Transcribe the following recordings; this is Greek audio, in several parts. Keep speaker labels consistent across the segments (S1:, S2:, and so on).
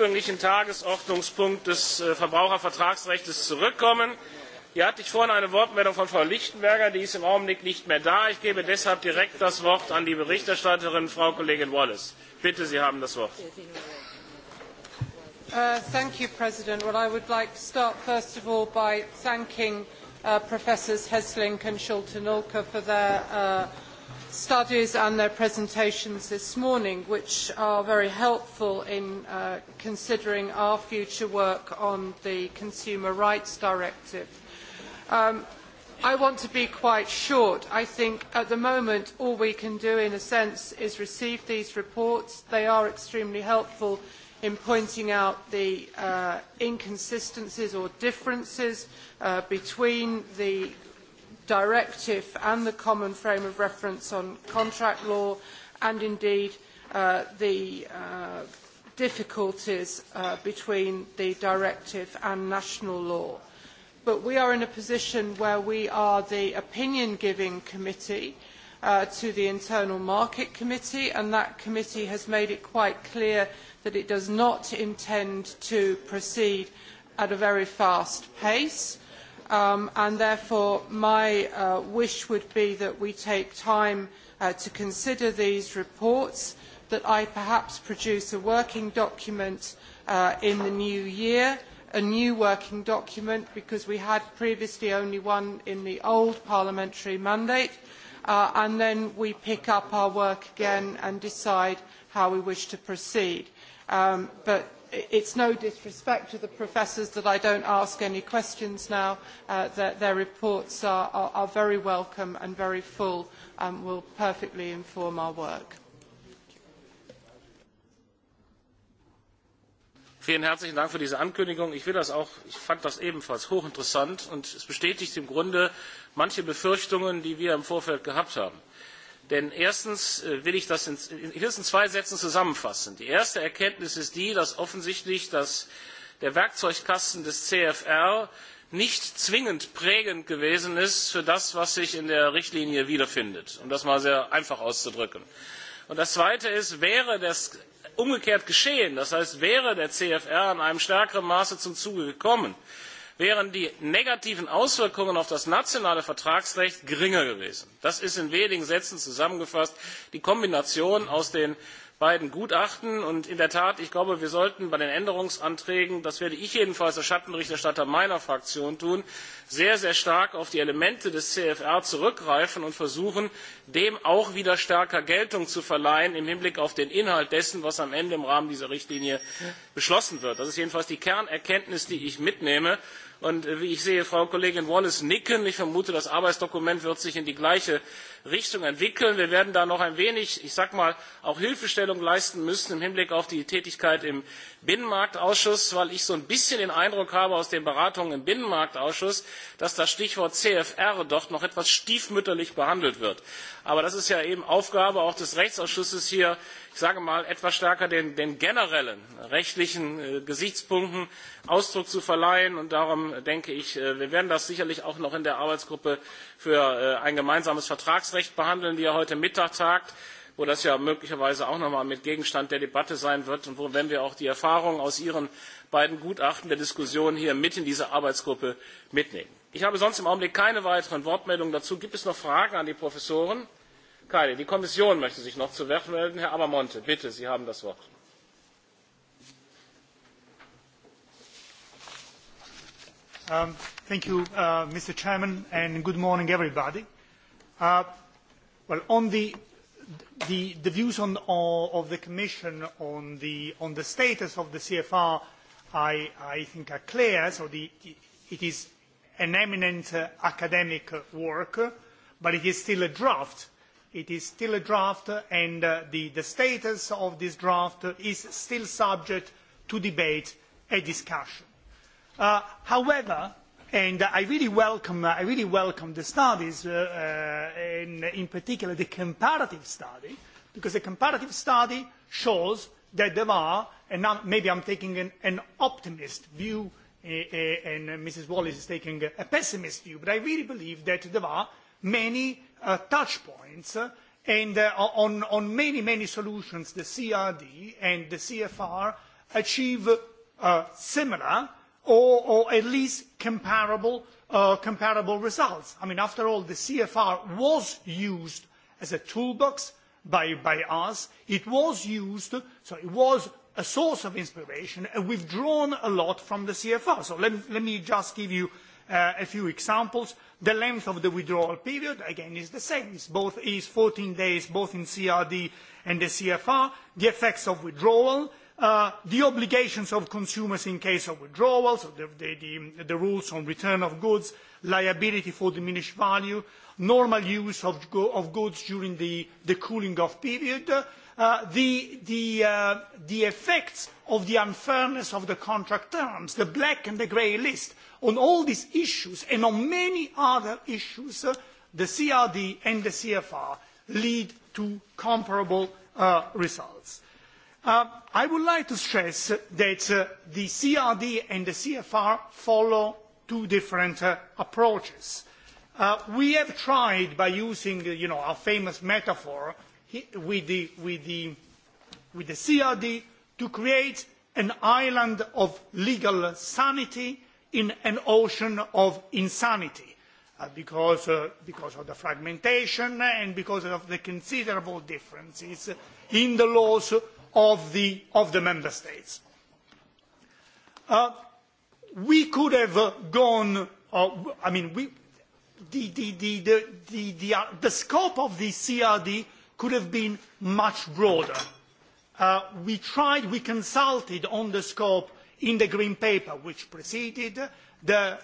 S1: ursprünglichen Tagesordnungspunkt des Verbrauchervertragsrechts zurückkommen. Hier hatte ich vorhin eine Wortmeldung von Frau Lichtenberger, die ist im Augenblick nicht mehr da. Ich gebe deshalb direkt das Wort an die Berichterstatterin, Frau Kollegin Wallis. Bitte, Sie haben das Wort.
S2: you President, I would like to start first of all by thanking Professors hessling for their studies and their presentations this morning, which are very helpful in considering our future work on the Consumer Rights Directive. I want to be quite short. I think at the moment all we can do, in a sense, is receive these reports. They are extremely helpful in pointing out the inconsistencies or differences between the directive and the common frame of reference on contract law and indeed the difficulties between the directive and national law. But we are in a position where we are the opinion-giving committee to the Internal Market Committee, and that committee has made it quite clear that it does not intend to proceed at a very fast pace and therefore my wish would be that we take time to consider these reports, that I perhaps produce a working document in the new year, a new working document because we had previously only one in the old parliamentary mandate, and then we pick up our work again and decide how we wish to proceed. But It's no disrespect to the professors that I don't ask any questions now. Their reports are very welcome and very full and will perfectly inform our work.
S1: Vielen herzlichen Dank für diese Ankündigung. Ich fand das ebenfalls hochinteressant und es bestätigt im Grunde manche Befürchtungen, die wir im Vorfeld gehabt haben Denn erstens will ich das in höchstens zwei Sätzen zusammenfassen. Die erste Erkenntnis ist die, dass offensichtlich der Werkzeugkasten des CFR nicht zwingend prägend gewesen ist für das, was sich in der Richtlinie wiederfindet, um das mal sehr einfach auszudrücken. Und das Zweite ist, wäre das umgekehrt geschehen, das heißt, wäre der CFR in einem stärkeren Maße zum Zuge gekommen, wären die negativen auswirkungen auf das nationale vertragsrecht geringer gewesen. das ist in wenigen sätzen zusammengefasst die kombination aus den beiden gutachten und in der tat ich glaube wir sollten bei den änderungsanträgen das werde ich jedenfalls als schattenberichterstatter meiner fraktion tun sehr sehr stark auf die elemente des cfr zurückgreifen und versuchen dem auch wieder stärker geltung zu verleihen im hinblick auf den inhalt dessen was am ende im rahmen dieser richtlinie beschlossen wird. das ist jedenfalls die kernerkenntnis die ich mitnehme. Und wie ich sehe, Frau Kollegin Wallace nicken. Ich vermute, das Arbeitsdokument wird sich in die gleiche Richtung entwickeln. Wir werden da noch ein wenig, ich sage mal, auch Hilfestellung leisten müssen im Hinblick auf die Tätigkeit im Binnenmarktausschuss, weil ich so ein bisschen den Eindruck habe aus den Beratungen im Binnenmarktausschuss, dass das Stichwort CFR dort noch etwas stiefmütterlich behandelt wird. Aber das ist ja eben Aufgabe auch des Rechtsausschusses hier ich sage mal etwas stärker den generellen rechtlichen gesichtspunkten ausdruck zu verleihen und darum denke ich wir werden das sicherlich auch noch in der arbeitsgruppe für ein gemeinsames vertragsrecht behandeln die ja heute mittag tagt wo das ja möglicherweise auch noch einmal mit gegenstand der debatte sein wird und wo wenn wir auch die erfahrungen aus ihren beiden gutachten der diskussion hier mit in diese arbeitsgruppe mitnehmen. ich habe sonst im augenblick keine weiteren wortmeldungen dazu. gibt es noch fragen an die professoren? Keine. Die Kommission möchte sich noch zu Wort melden. Herr Abamonte, bitte, Sie haben das Wort.
S3: Thank you, Mr. Chairman, and good morning, everybody. Well, on the views of the Commission on the status of the CFR, I think are clear. So it is an eminent academic work, but it is still a draft It is still a draft and the status of this draft is still subject to debate and discussion. However, and I really welcome the studies, and in particular the comparative study, because the comparative study shows that there are, and maybe I'm taking an optimist view and Mrs. Wallace is taking a pessimist view, but I really believe that there are many touch points and on many, many solutions the CRD and the CFR achieve similar or at least comparable results. I mean, after all, the CFR was used as a toolbox by us. It was used, so it was a source of inspiration, and we've drawn a lot from the CFR. So let me just give you a few examples. The length of the withdrawal period, again, is the same. Both is 14 days, both in CRD and the CFR. The effects of withdrawal, the obligations of consumers in case of withdrawal, so the rules on return of goods, liability for diminished value, normal use of goods during the cooling off period, the effects of the unfairness of the contract terms, the black and the grey list, on all these issues and on many other issues, the CRD and the CFR lead to comparable results. I would like to stress that the CRD and the CFR follow two different approaches. We have tried, by using our famous metaphor, with the CRD to create an island of legal sanity in an ocean of insanity because of the fragmentation and because of the considerable differences in the laws of the member states. We could have gone, I mean, the scope of the CRD could have been much broader. We tried, we consulted on the scope in the Green Paper, which preceded the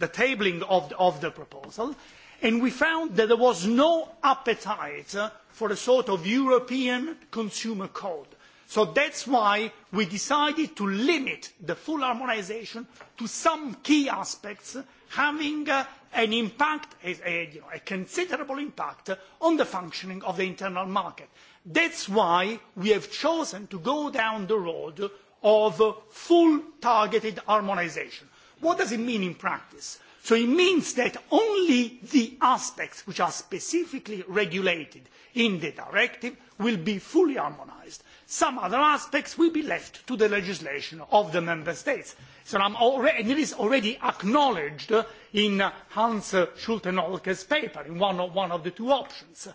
S3: tabling of the proposal, and we found that there was no appetite for a sort of European consumer code. So that's why we decided to limit the full harmonisation to some key aspects having an impact, a considerable impact on the functioning of the internal market. That's why we have chosen to go down the road of full targeted harmonisation. What does it mean in practice? So it means that only the aspects which are specifically regulated in the directive will be fully harmonised. Some other aspects will be left to the legislation of the Member States. And it is already acknowledged in Hans Schultenolke's paper, in one of the two options.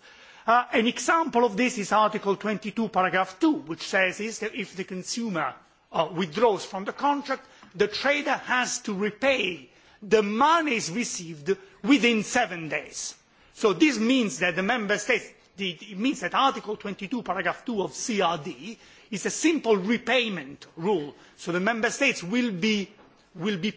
S3: An example of this is Article 22, paragraph 2, which says that if the consumer withdraws from the contract, the trader has to repay the money is received within seven days. So this means that the Member States it means that Article twenty two, paragraph two of CRD is a simple repayment rule, so the Member States will be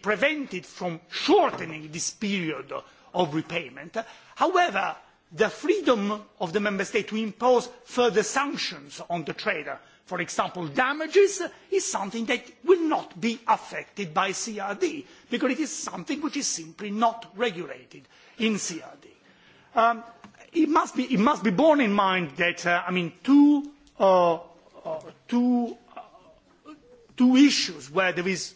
S3: prevented from shortening this period of repayment. However, the freedom of the Member State to impose further sanctions on the trader for example damages is something that will not be affected by crd because it is something which is simply not regulated in crd. it must be borne in mind that two issues where there is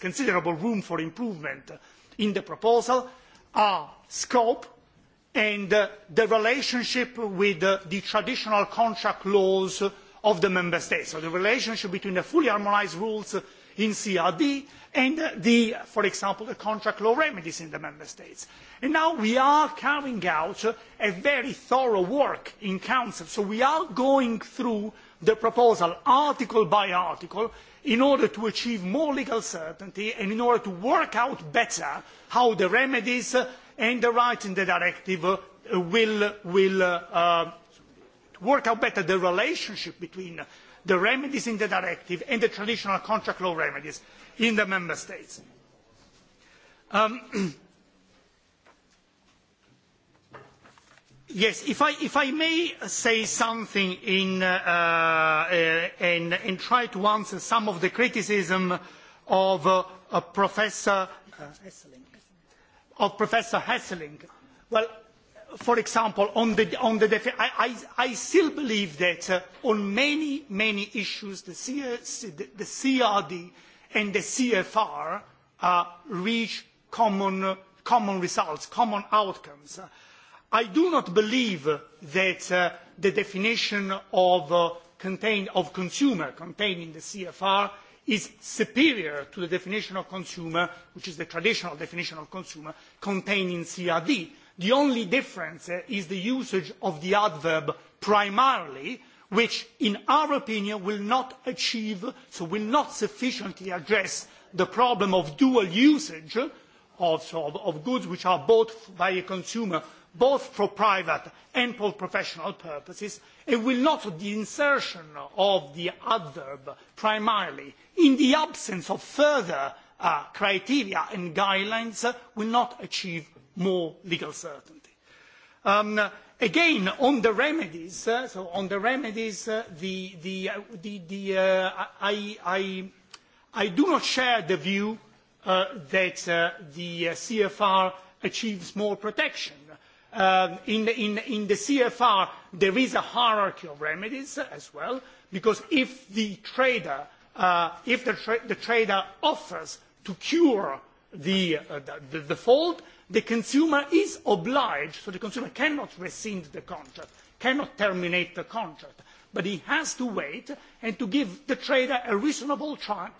S3: considerable room for improvement in the proposal are scope and the relationship with the traditional contract laws of the member states. so the relationship between the fully harmonised rules in crd and the for example the contract law remedies in the member states. and now we are carrying out a very thorough work in council so we are going through the proposal article by article in order to achieve more legal certainty and in order to work out better how the remedies and the rights in the directive will work out better the relationship between the remedies in the directive and the traditional contract law remedies in the member states. Yes, if I may say something and try to answer some of the criticism of Professor Hesseling. Well, for example, on the I still believe that on many, many issues, the CRD and the CFR reach common results, common outcomes. I do not believe that the definition of consumer contained in the CFR is superior to the definition of consumer, which is the traditional definition of consumer, contained in CRD. The only difference is the usage of the adverb primarily, which in our opinion will not achieve, so will not sufficiently address the problem of dual usage of goods which are bought by a consumer both for private and for professional purposes, and will not the insertion of the adverb primarily in the absence of further criteria and guidelines will not achieve more legal certainty. Again, on the remedies, so on the remedies, I do not share the view that the CFR achieves more protection. In the CFR, there is a hierarchy of remedies as well, because if the trader offers to cure the fault, the consumer is obliged, so the consumer cannot rescind the contract, cannot terminate the contract, but he has to wait and to give the trader a reasonable time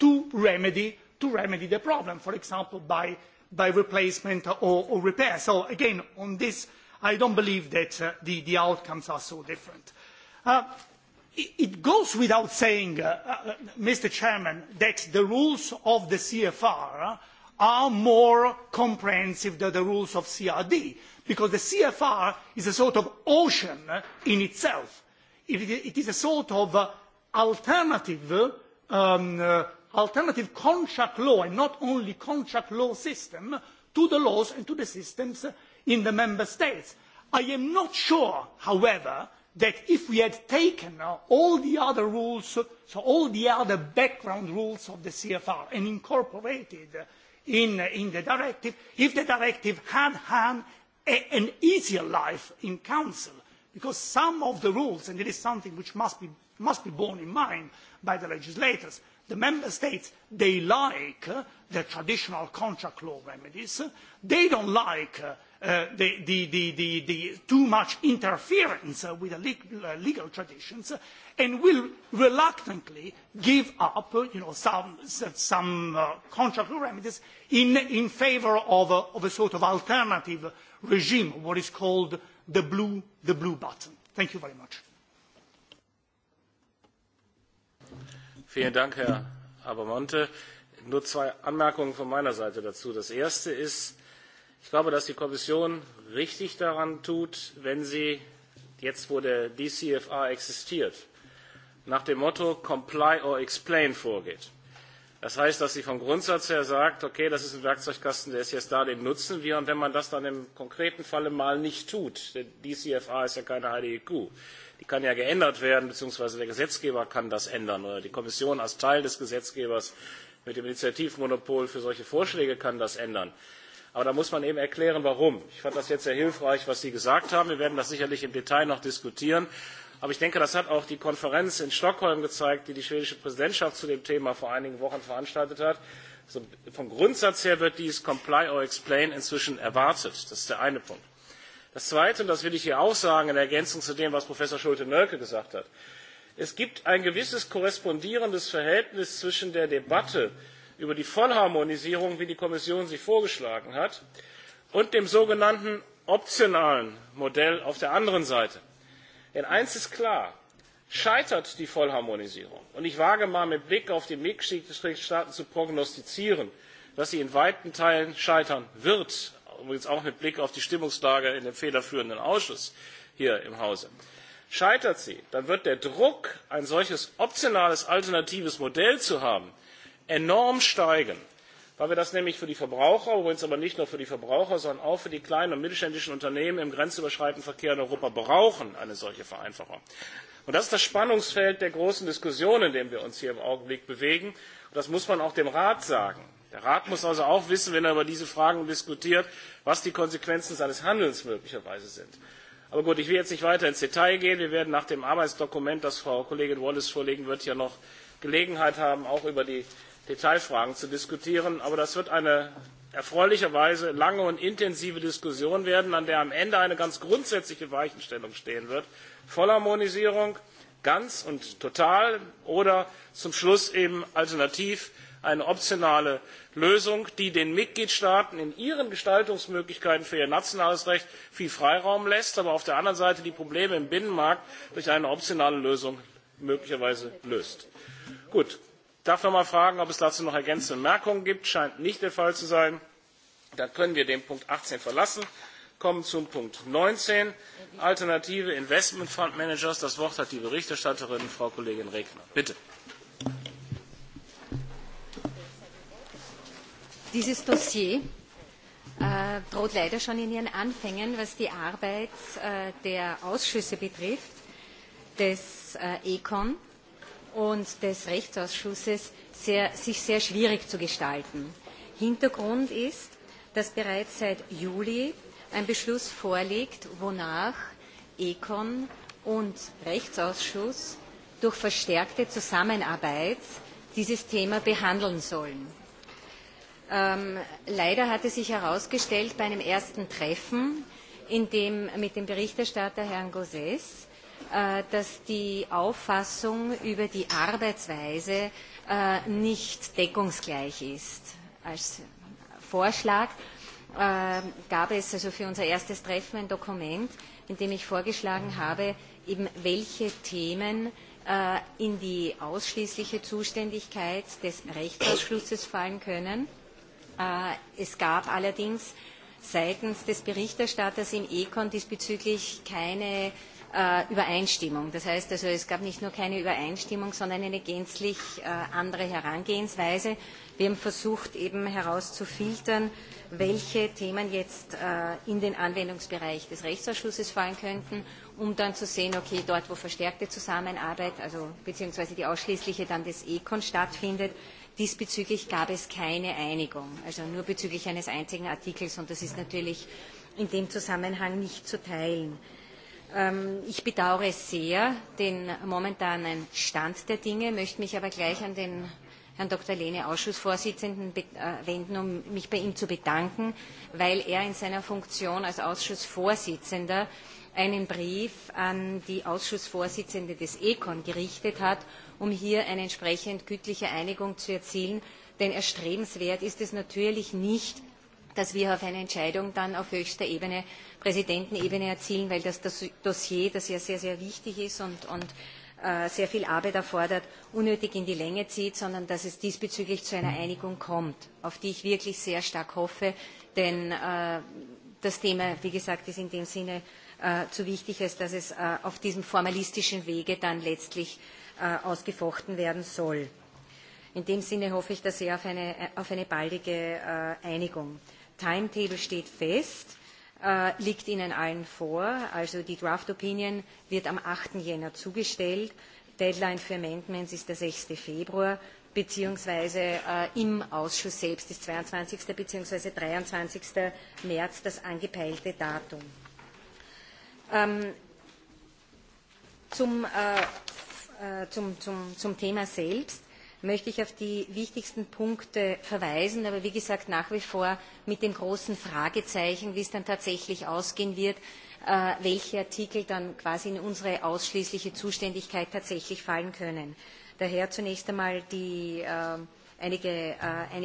S3: to remedy the problem, for example, by replacement or repair. So, again, on this, I don't believe that the outcomes are so different. It goes without saying, Mr. Chairman, that the rules of the CFR are more comprehensive than the rules of crd because the cfr is a sort of ocean in itself it is a sort of alternative contract law and not only contract law system to the laws and to the systems in the member states. i am not sure however that if we had taken all the other rules all the other background rules of the cfr and incorporated in the directive if the directive had had an easier life in council because some of the rules and it is something which must be borne in mind by the legislators the member states they like the traditional contract law remedies they don't like the too much interference with the legal traditions and will reluctantly give up some contractual remedies in favor of a sort of alternative regime, what is called the blue button. Thank you very much.
S1: Vielen Dank, Herr Nur zwei Anmerkungen von meiner Seite dazu. Das erste ist, Ich glaube, dass die Kommission richtig daran tut, wenn sie jetzt, wo der DCFR existiert, nach dem Motto Comply or Explain vorgeht. Das heißt, dass sie vom Grundsatz her sagt, okay, das ist ein Werkzeugkasten, der ist jetzt da, den nutzen wir. Und wenn man das dann im konkreten Falle mal nicht tut, denn DCFA ist ja keine heilige Kuh, die kann ja geändert werden, beziehungsweise der Gesetzgeber kann das ändern oder die Kommission als Teil des Gesetzgebers mit dem Initiativmonopol für solche Vorschläge kann das ändern. Aber da muss man eben erklären, warum. Ich fand das jetzt sehr hilfreich, was Sie gesagt haben. Wir werden das sicherlich im Detail noch diskutieren. Aber ich denke, das hat auch die Konferenz in Stockholm gezeigt, die die schwedische Präsidentschaft zu dem Thema vor einigen Wochen veranstaltet hat. Vom Grundsatz her wird dies Comply or Explain inzwischen erwartet. Das ist der eine Punkt. Das Zweite, und das will ich hier auch sagen, in Ergänzung zu dem, was Professor Schulte-Nölke gesagt hat. Es gibt ein gewisses korrespondierendes Verhältnis zwischen der Debatte über die vollharmonisierung wie die kommission sie vorgeschlagen hat und dem sogenannten optionalen modell auf der anderen seite. denn eines ist klar scheitert die vollharmonisierung und ich wage mal mit blick auf die mitgliedstaaten zu prognostizieren dass sie in weiten teilen scheitern wird übrigens auch mit blick auf die stimmungslage in dem federführenden ausschuss hier im hause scheitert sie dann wird der druck ein solches optionales alternatives modell zu haben enorm steigen, weil wir das nämlich für die Verbraucher, übrigens aber nicht nur für die Verbraucher, sondern auch für die kleinen und mittelständischen Unternehmen im grenzüberschreitenden Verkehr in Europa brauchen, eine solche Vereinfachung. Und das ist das Spannungsfeld der großen Diskussion, in dem wir uns hier im Augenblick bewegen. Und das muss man auch dem Rat sagen. Der Rat muss also auch wissen, wenn er über diese Fragen diskutiert, was die Konsequenzen seines Handelns möglicherweise sind. Aber gut, ich will jetzt nicht weiter ins Detail gehen. Wir werden nach dem Arbeitsdokument, das Frau Kollegin Wallace vorlegen wird, ja noch Gelegenheit haben, auch über die Detailfragen zu diskutieren. Aber das wird eine erfreulicherweise lange und intensive Diskussion werden, an der am Ende eine ganz grundsätzliche Weichenstellung stehen wird. Vollharmonisierung, ganz und total oder zum Schluss eben alternativ eine optionale Lösung, die den Mitgliedstaaten in ihren Gestaltungsmöglichkeiten für ihr nationales Recht viel Freiraum lässt, aber auf der anderen Seite die Probleme im Binnenmarkt durch eine optionale Lösung möglicherweise löst. Gut, darf noch einmal fragen, ob es dazu noch ergänzende Merkungen gibt. Scheint nicht der Fall zu sein. Dann können wir den Punkt 18 verlassen. Kommen zum Punkt 19. Alternative Investment Fund Managers. Das Wort hat die Berichterstatterin, Frau Kollegin Regner. Bitte.
S4: Dieses Dossier droht leider schon in ihren Anfängen, was die Arbeit der Ausschüsse betrifft, des ECON und des Rechtsausschusses sich sehr schwierig zu gestalten. Hintergrund ist, dass bereits seit Juli ein Beschluss vorliegt, wonach Econ und Rechtsausschuss durch verstärkte Zusammenarbeit dieses Thema behandeln sollen. Leider es sich herausgestellt bei einem ersten Treffen dem mit dem Berichterstatter Herrn Gauzès, dass die Auffassung über die Arbeitsweise nicht deckungsgleich ist. Als Vorschlag gab es also für unser erstes Treffen ein Dokument, in dem ich vorgeschlagen habe, welche Themen in die ausschließliche Zuständigkeit des Rechtsausschusses fallen können. Es gab allerdings seitens des Berichterstatters im Econ diesbezüglich keine Übereinstimmung. Das heißt also, es gab nicht nur keine Übereinstimmung, sondern eine gänzlich andere Herangehensweise. Wir haben versucht, eben herauszufiltern, welche Themen jetzt in den Anwendungsbereich des Rechtsausschusses fallen könnten, um dann zu sehen, okay, dort, wo verstärkte Zusammenarbeit, also beziehungsweise die ausschließliche dann des ECON stattfindet, diesbezüglich gab es keine Einigung, also nur bezüglich eines einzigen Artikels und das ist natürlich in dem Zusammenhang nicht zu teilen. Ich bedauere sehr den momentanen Stand der Dinge, möchte mich aber gleich an den Herrn Dr. Lehne, Ausschussvorsitzenden, wenden, um mich bei ihm zu bedanken, weil er in seiner Funktion als Ausschussvorsitzender einen Brief an die Ausschussvorsitzende des ECON gerichtet hat, um hier eine entsprechend gütliche Einigung zu erzielen. Denn erstrebenswert ist es natürlich nicht, dass wir auf eine Entscheidung dann auf höchster Ebene, Präsidentenebene erzielen, weil das Dossier, das ja sehr, sehr wichtig ist und sehr viel Arbeit erfordert, unnötig in die Länge zieht, sondern dass es diesbezüglich zu einer Einigung kommt, auf die ich wirklich sehr stark hoffe, denn das Thema, wie gesagt, ist in dem Sinne zu wichtig, als dass es auf diesem formalistischen Wege dann letztlich ausgefochten werden soll. In dem Sinne hoffe ich da sehr auf eine baldige Einigung. Timetable steht fest, liegt Ihnen allen vor. Also die Draft Opinion wird am 8. Jänner zugestellt. Deadline für Amendments ist der 6. Februar beziehungsweise im Ausschuss selbst ist 22. bzw. 23. März das angepeilte Datum. Zum Thema selbst möchte ich auf die wichtigsten Punkte verweisen, aber wie gesagt nach wie vor mit dem großen Fragezeichen, wie es dann tatsächlich ausgehen wird, welche Artikel dann quasi in unsere ausschließliche Zuständigkeit tatsächlich fallen können. Daher zunächst einmal einige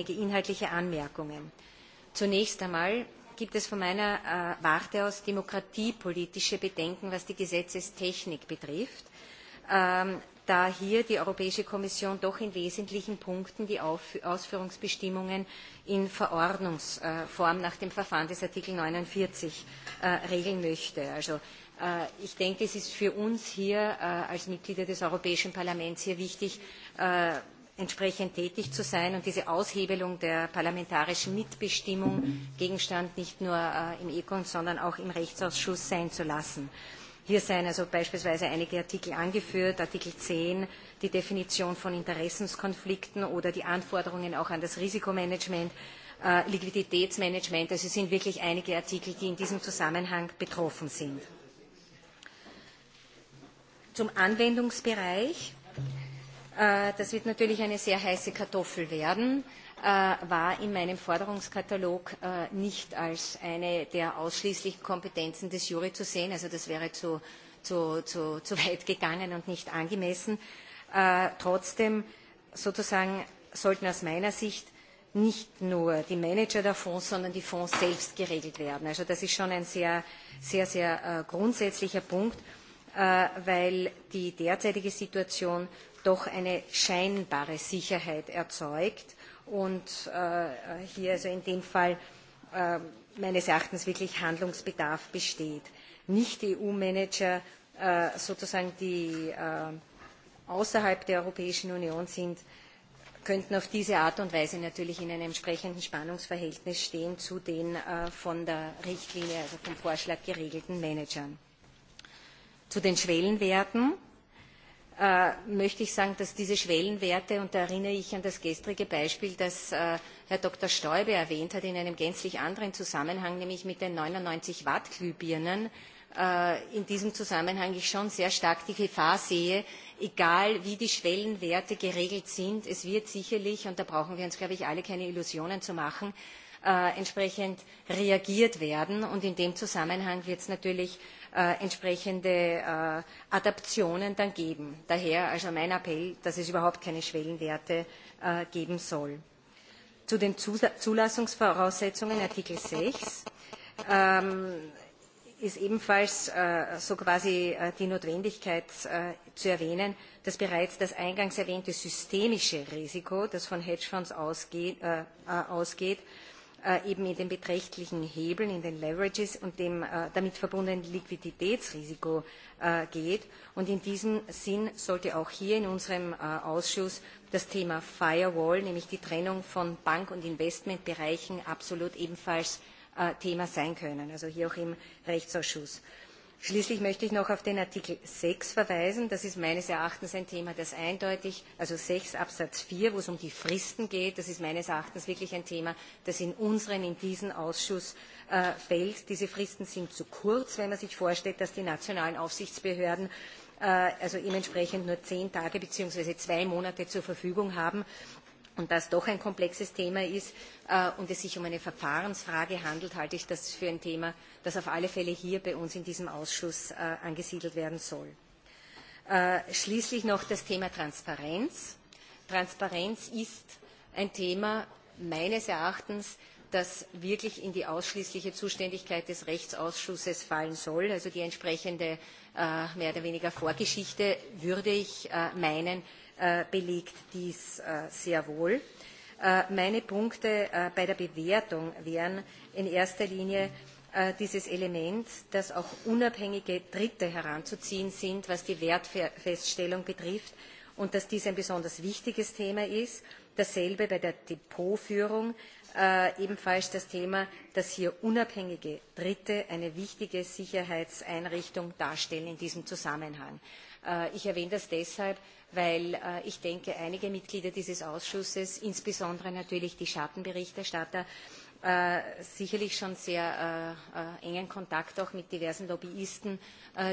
S4: inhaltliche Anmerkungen. Zunächst einmal gibt es von meiner Warte aus demokratiepolitische Bedenken, was die Gesetzestechnik betrifft da hier die Europäische Kommission doch in wesentlichen Punkten die Ausführungsbestimmungen in Verordnungsform nach dem Verfahren des Artikel 49 regeln möchte. Also ich denke, es ist für uns hier als Mitglieder des Europäischen Parlaments hier wichtig, entsprechend tätig zu sein und diese Aushebelung der parlamentarischen Mitbestimmung Gegenstand nicht nur im ECON, sondern auch im Rechtsausschuss sein zu lassen. Hier seien also beispielsweise einige Artikel angeführt, Artikel 10, die Definition von Interessenskonflikten oder die Anforderungen auch an das Risikomanagement, Liquiditätsmanagement. Also es sind wirklich einige Artikel, die in diesem Zusammenhang betroffen sind. Zum Anwendungsbereich. Das wird natürlich eine sehr heiße Kartoffel werden war in meinem Forderungskatalog nicht als eine der ausschließlichen Kompetenzen des Jury zu sehen. Also das wäre zu weit gegangen und nicht angemessen. Trotzdem sozusagen sollten aus meiner Sicht nicht nur die Manager der Fonds, sondern die Fonds selbst geregelt werden. das ist schon ein sehr, sehr grundsätzlicher Punkt, weil die derzeitige Situation doch eine scheinbare Sicherheit erzeugt und hier also in dem Fall meines Erachtens wirklich Handlungsbedarf besteht. Nicht-EU-Manager sozusagen, die außerhalb der Europäischen Union sind, könnten auf diese Art und Weise natürlich in einem entsprechenden Spannungsverhältnis stehen zu den von der Richtlinie, also vom Vorschlag geregelten Managern. Zu den Schwellenwerten möchte ich sagen, dass diese Schwellenwerte, und da erinnere ich an das gestrige Beispiel, das Herr Dr. Stoiber erwähnt hat, in einem gänzlich anderen Zusammenhang, nämlich mit den 99 Watt Glühbirnen, in diesem Zusammenhang ich schon sehr stark die Gefahr sehe, egal wie die Schwellenwerte geregelt sind, es wird sicherlich, und da brauchen wir uns, glaube ich, alle keine Illusionen zu machen, entsprechend reagiert werden. Und in dem Zusammenhang wird es natürlich entsprechende Adaptionen dann geben. Daher also mein Appell, dass es überhaupt keine Schwellenwerte geben soll. Zu den Zulassungsvoraussetzungen Artikel 6 ist ebenfalls so quasi die Notwendigkeit zu erwähnen, dass bereits das eingangs erwähnte systemische Risiko, das von Hedgefonds ausgeht, eben in den beträchtlichen Hebeln in den Leverages und dem damit verbundenen Liquiditätsrisiko geht. Und in diesem Sinn sollte auch hier in unserem Ausschuss das Thema Firewall, nämlich die Trennung von Bank- und Investmentbereichen, absolut ebenfalls Thema sein können, also hier auch im Rechtsausschuss. Schließlich möchte ich noch auf den Artikel 6 verweisen. Das ist meines Erachtens ein Thema, das eindeutig, also 6 Absatz 4, wo es um die Fristen geht, das ist meines Erachtens wirklich ein Thema, das in unseren, in diesen Ausschuss fällt. Diese Fristen sind zu kurz, wenn man sich vorstellt, dass die nationalen Aufsichtsbehörden also dementsprechend nur zehn Tage beziehungsweise zwei Monate zur Verfügung haben und das doch ein komplexes Thema ist und es sich um eine Verfahrensfrage handelt, halte ich das für ein Thema, das auf alle Fälle hier bei uns in diesem Ausschuss angesiedelt werden soll. Schließlich noch das Thema Transparenz. Transparenz ist ein Thema meines Erachtens, das wirklich in die ausschließliche Zuständigkeit des Rechtsausschusses fallen soll. Also die entsprechende mehr oder weniger Vorgeschichte, würde ich meinen, belegt dies sehr wohl. Meine Punkte bei der Bewertung wären in erster Linie dieses Element, dass auch unabhängige Dritte heranzuziehen sind, was die Wertfeststellung betrifft, und dass dies ein besonders wichtiges Thema ist. Dasselbe bei der Depotführung, ebenfalls das Thema, dass hier unabhängige Dritte eine wichtige Sicherheitseinrichtung darstellen in diesem Zusammenhang. Ich erwähne das deshalb, weil ich denke, einige Mitglieder dieses Ausschusses, insbesondere natürlich die Schattenberichterstatter, sicherlich schon sehr engen Kontakt auch mit diversen Lobbyisten,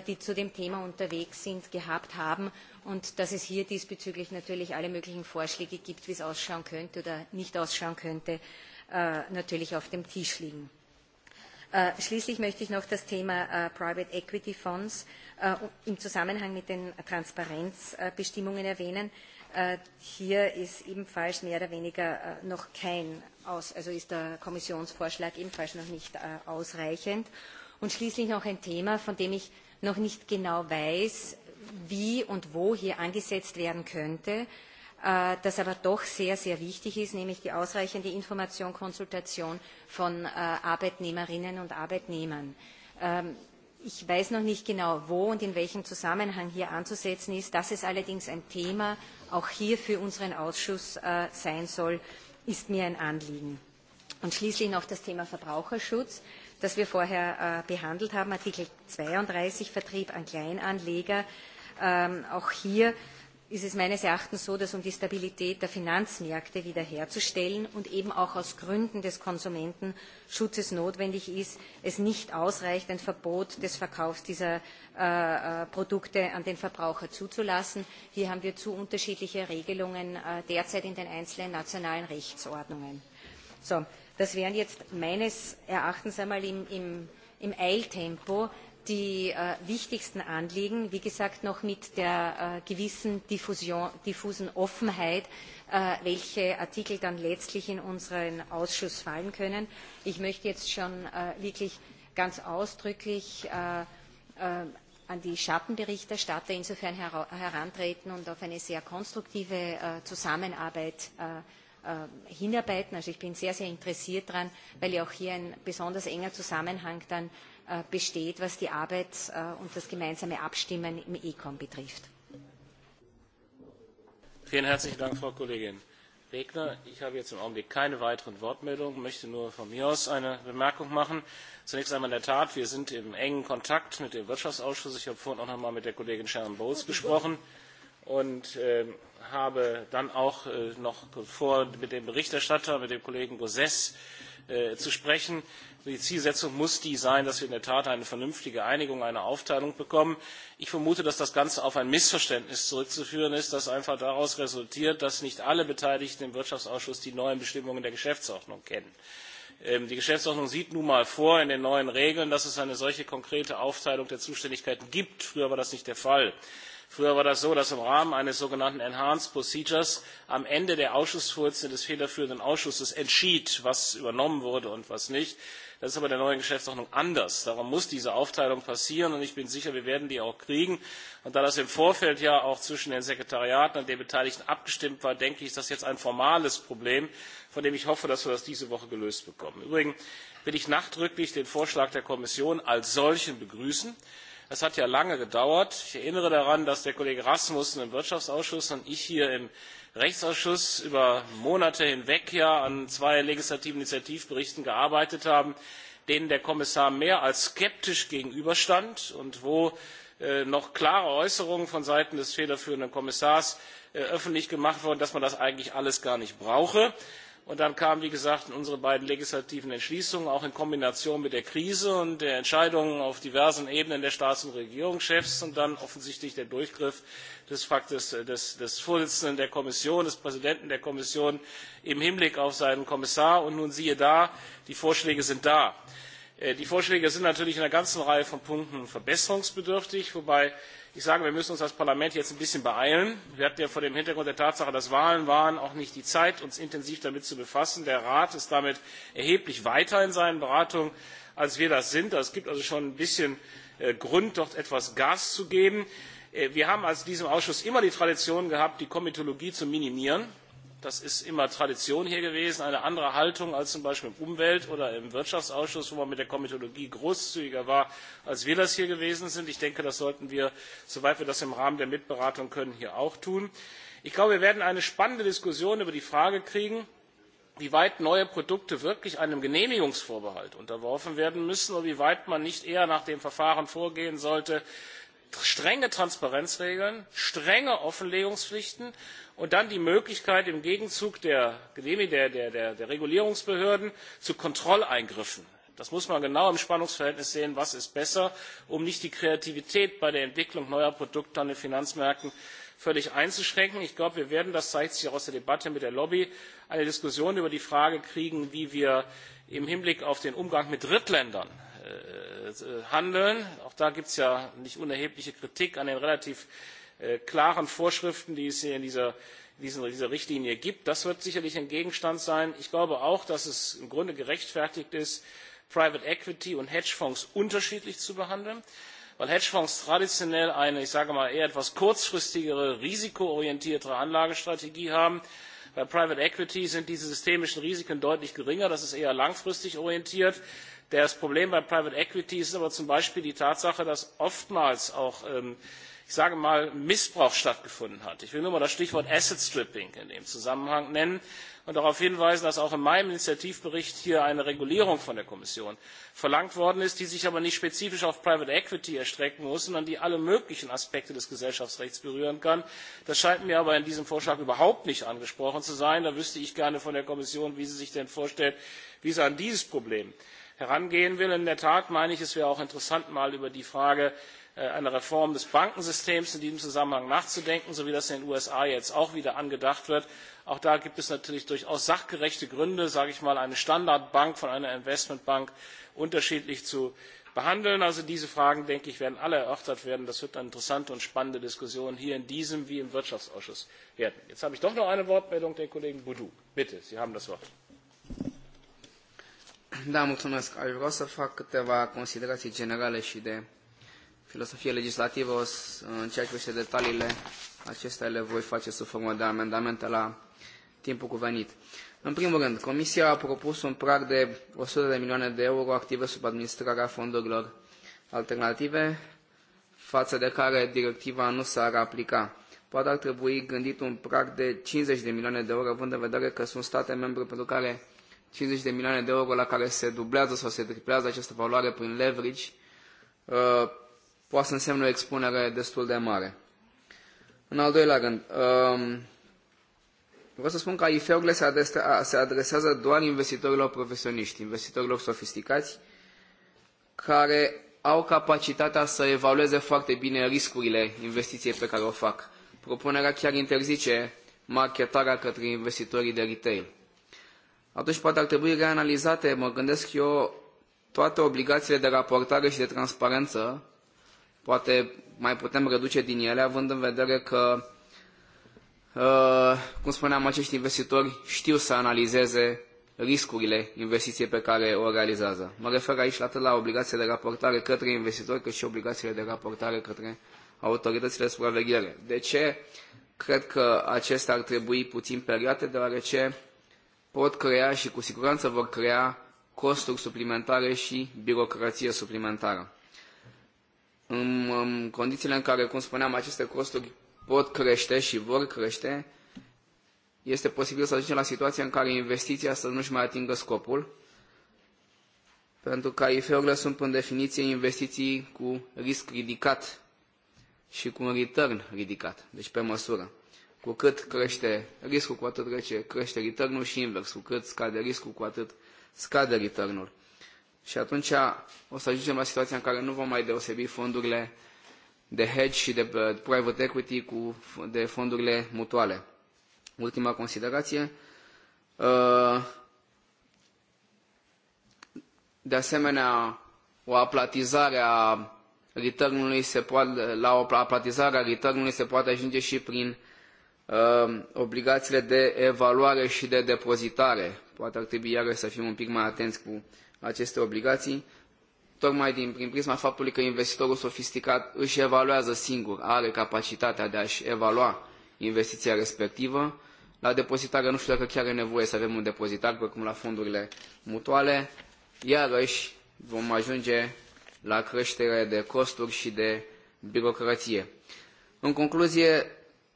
S4: die zu dem Thema unterwegs sind, gehabt haben und dass es hier diesbezüglich natürlich alle möglichen Vorschläge gibt, wie es ausschauen könnte oder nicht ausschauen könnte, natürlich auf dem Tisch liegen. Schließlich möchte ich noch das Thema Private Equity funds im Zusammenhang mit den Transparenzbestimmungen erwähnen. Hier ist ebenfalls mehr oder weniger noch kein also ist der Kommissionsvorschlag ebenfalls noch nicht ausreichend. Und schließlich noch ein Thema, von dem ich noch nicht genau weiß, wie und wo hier angesetzt werden könnte das aber doch sehr, sehr wichtig ist, nämlich die ausreichende Information, Konsultation von Arbeitnehmerinnen und Arbeitnehmern. Ich weiß noch nicht genau, wo und in welchem Zusammenhang hier anzusetzen ist. Dass es allerdings ein Thema auch hier für unseren Ausschuss sein soll, ist mir ein Anliegen. Und schließlich noch das Thema Verbraucherschutz, das wir vorher behandelt haben, Artikel 32 Vertrieb an Kleinanleger. Auch hier ist es meines Erachtens so, dass um die Stabilität der Finanzmärkte wiederherzustellen und eben auch aus Gründen des Konsumentenschutzes notwendig ist, es nicht ausreicht, ein Verbot des Verkaufs dieser Produkte an den Verbraucher zuzulassen. Hier haben wir zu unterschiedliche Regelungen derzeit in den einzelnen nationalen Rechtsordnungen. Das wären jetzt meines Erachtens einmal im Eiltempo die wichtigsten Anliegen, wie gesagt, noch mit der gewissen diffusen Offenheit, welche Artikel dann letztlich in unseren Ausschuss fallen können. Ich möchte jetzt schon wirklich ganz ausdrücklich an die Schattenberichterstatter insofern herantreten und auf eine sehr konstruktive Zusammenarbeit hinarbeiten. Also ich bin sehr, sehr interessiert daran, weil ja auch hier ein besonders enger Zusammenhang dann besteht, was die Arbeit und das gemeinsame Abstimmen im ECOM betrifft.
S1: Vielen herzlichen Dank, Frau Kollegin Regner. Ich habe jetzt im Augenblick keine weiteren Wortmeldungen, möchte nur von mir aus eine Bemerkung machen. Zunächst einmal in der Tat, wir sind im engen Kontakt mit dem Wirtschaftsausschuss. Ich habe vorhin auch noch einmal mit der Kollegin Sharon Bowles gesprochen und habe dann auch noch vor, mit dem Berichterstatter, mit dem Kollegen Gosses zu sprechen. Die Zielsetzung muss die sein, dass wir in der Tat eine vernünftige Einigung, eine Aufteilung bekommen. Ich vermute, dass das Ganze auf ein Missverständnis zurückzuführen ist, das einfach daraus resultiert, dass nicht alle Beteiligten im Wirtschaftsausschuss die neuen Bestimmungen der Geschäftsordnung kennen. Die Geschäftsordnung sieht nun mal vor in den neuen Regeln, dass es eine solche konkrete Aufteilung der Zuständigkeiten gibt. Früher war das nicht der Fall. Früher war das so, dass im Rahmen eines sogenannten Enhanced Procedures am Ende der Ausschussvorsitzende des federführenden Ausschusses entschied, was übernommen wurde und was nicht. Das ist aber der neuen Geschäftsordnung anders. Darum muss diese Aufteilung passieren und ich bin sicher, wir werden die auch kriegen. Und da das im Vorfeld ja auch zwischen den Sekretariaten und den Beteiligten abgestimmt war, denke ich, ist das jetzt ein formales Problem, von dem ich hoffe, dass wir das diese Woche gelöst bekommen. Im Übrigen will ich nachdrücklich den Vorschlag der Kommission als solchen begrüßen. Es hat ja lange gedauert. Ich erinnere daran, dass der Kollege Rasmussen im Wirtschaftsausschuss und ich hier im rechtsausschuss über monate hinweg ja an zwei legislativen initiativberichten gearbeitet haben denen der kommissar mehr als skeptisch gegenüberstand und wo noch klare äußerungen von seiten des federführenden kommissars öffentlich gemacht wurden dass man das eigentlich alles gar nicht brauche und dann kamen wie gesagt unsere beiden legislativen entschließungen auch in kombination mit der krise und den entscheidungen auf diversen ebenen der staats und regierungschefs und dann offensichtlich der durchgriff des vorsitzenden der kommission des präsidenten der kommission im hinblick auf seinen kommissar und nun siehe da die vorschläge sind da. die vorschläge sind natürlich in einer ganzen reihe von punkten verbesserungsbedürftig wobei Ich sage, wir müssen uns als Parlament jetzt ein bisschen beeilen. Wir hatten ja vor dem Hintergrund der Tatsache, dass Wahlen waren, auch nicht die Zeit, uns intensiv damit zu befassen. Der Rat ist damit erheblich weiter in seinen Beratungen, als wir das sind. Es gibt also schon ein bisschen Grund, dort etwas Gas zu geben. Wir haben als diesem Ausschuss immer die Tradition gehabt, die Komitologie zu minimieren das ist immer Tradition hier gewesen, eine andere Haltung als zum Beispiel im Umwelt- oder im Wirtschaftsausschuss, wo man mit der Komitologie großzügiger war, als wir das hier gewesen sind. Ich denke, das sollten wir, soweit wir das im Rahmen der Mitberatung können, hier auch tun. Ich glaube, wir werden eine spannende Diskussion über die Frage kriegen, wie weit neue Produkte wirklich einem Genehmigungsvorbehalt unterworfen werden müssen und wie weit man nicht eher nach dem Verfahren vorgehen sollte, strenge Transparenzregeln, strenge Offenlegungspflichten und dann die möglichkeit im gegenzug der regulierungsbehörden zu kontrolleingriffen. das muss man genau im spannungsverhältnis sehen was ist besser um nicht die kreativität bei der entwicklung neuer produkte an den finanzmärkten völlig einzuschränken. ich glaube wir werden das zeigt sich auch aus der debatte mit der lobby eine diskussion über die frage kriegen wie wir im hinblick auf den umgang mit drittländern handeln. auch da gibt es ja nicht unerhebliche kritik an den relativ klaren Vorschriften, die es in dieser Richtlinie gibt. Das wird sicherlich ein Gegenstand sein. Ich glaube auch, dass es im Grunde gerechtfertigt ist, Private Equity und Hedgefonds unterschiedlich zu behandeln, weil Hedgefonds traditionell eine, ich sage mal, eher etwas kurzfristigere, risikoorientiertere Anlagestrategie haben. Bei Private Equity sind diese systemischen Risiken deutlich geringer. Das ist eher langfristig orientiert. Das Problem bei Private Equity ist aber zum Beispiel die Tatsache, dass oftmals auch ich sage mal, Missbrauch stattgefunden hat. Ich will nur einmal das Stichwort Asset Stripping in dem Zusammenhang nennen und darauf hinweisen, dass auch in meinem Initiativbericht hier eine Regulierung von der Kommission verlangt worden ist, die sich aber nicht spezifisch auf Private Equity erstrecken muss, sondern die alle möglichen Aspekte des Gesellschaftsrechts berühren kann. Das scheint mir aber in diesem Vorschlag überhaupt nicht angesprochen zu sein. Da wüsste ich gerne von der Kommission, wie sie sich denn vorstellt, wie sie an dieses Problem herangehen will. In der Tat meine ich, es wäre auch interessant, mal über die Frage eine Reform des Bankensystems in diesem Zusammenhang nachzudenken, so wie das in den USA jetzt auch wieder angedacht wird. Auch da gibt es natürlich durchaus sachgerechte Gründe, sage ich mal, eine Standardbank von einer Investmentbank unterschiedlich zu behandeln. Also diese Fragen, denke ich, werden alle erörtert werden. Das wird eine interessante und spannende Diskussion hier in diesem wie im Wirtschaftsausschuss werden. Jetzt habe ich doch noch eine Wortmeldung der Kollegen Boudou. Bitte, Sie haben das Wort
S5: filosofie legislativă, în ceea ce detaliile, acestea le voi face sub formă de amendamente la timpul cuvenit. În primul rând, Comisia a propus un prag de 100 de milioane de euro active sub administrarea fondurilor alternative, față de care directiva nu s-ar aplica. Poate ar trebui gândit un prag de 50 de milioane de euro, având în vedere că sunt state membre pentru care 50 de milioane de euro la care se dublează sau se triplează această valoare prin leverage poate să însemne o expunere destul de mare. În al doilea rând, vreau să spun că IFE-urile se adresează doar investitorilor profesioniști, investitorilor sofisticați, care au capacitatea să evalueze foarte bine riscurile investiției pe care o fac. Propunerea chiar interzice marketarea către investitorii de retail. Atunci poate ar trebui reanalizate, mă gândesc eu, toate obligațiile de raportare și de transparență poate mai putem reduce din ele, având în vedere că, cum spuneam, acești investitori știu să analizeze riscurile investiției pe care o realizează. Mă refer aici atât la obligațiile de raportare către investitori, cât și obligațiile de raportare către autoritățile de supraveghere. De ce cred că acestea ar trebui puțin periate? Deoarece pot crea și cu siguranță vor crea costuri suplimentare și birocrație suplimentară în condițiile în care, cum spuneam, aceste costuri pot crește și vor crește, este posibil să ajungem la situația în care investiția să nu-și mai atingă scopul, pentru că IFE-urile sunt, în definiție, investiții cu risc ridicat și cu un return ridicat, deci pe măsură. Cu cât crește riscul, cu atât returnul și invers. Cu cât scade riscul, cu atât scade returnul și atunci o să ajungem la situația în care nu vom mai deosebi fondurile de hedge și de private equity cu, de fondurile mutuale. Ultima considerație. De asemenea, o aplatizare a returnului se poate, la o aplatizare a returnului se poate ajunge și prin uh, obligațiile de evaluare și de depozitare. Poate ar trebui iarăși să fim un pic mai atenți cu aceste obligații, tocmai din, prin prisma faptului că investitorul sofisticat își evaluează singur, are capacitatea de a-și evalua investiția respectivă. La depozitare nu știu dacă chiar e nevoie să avem un depozitar, precum la fondurile mutuale. Iarăși vom ajunge la creștere de costuri și de birocrație. În concluzie,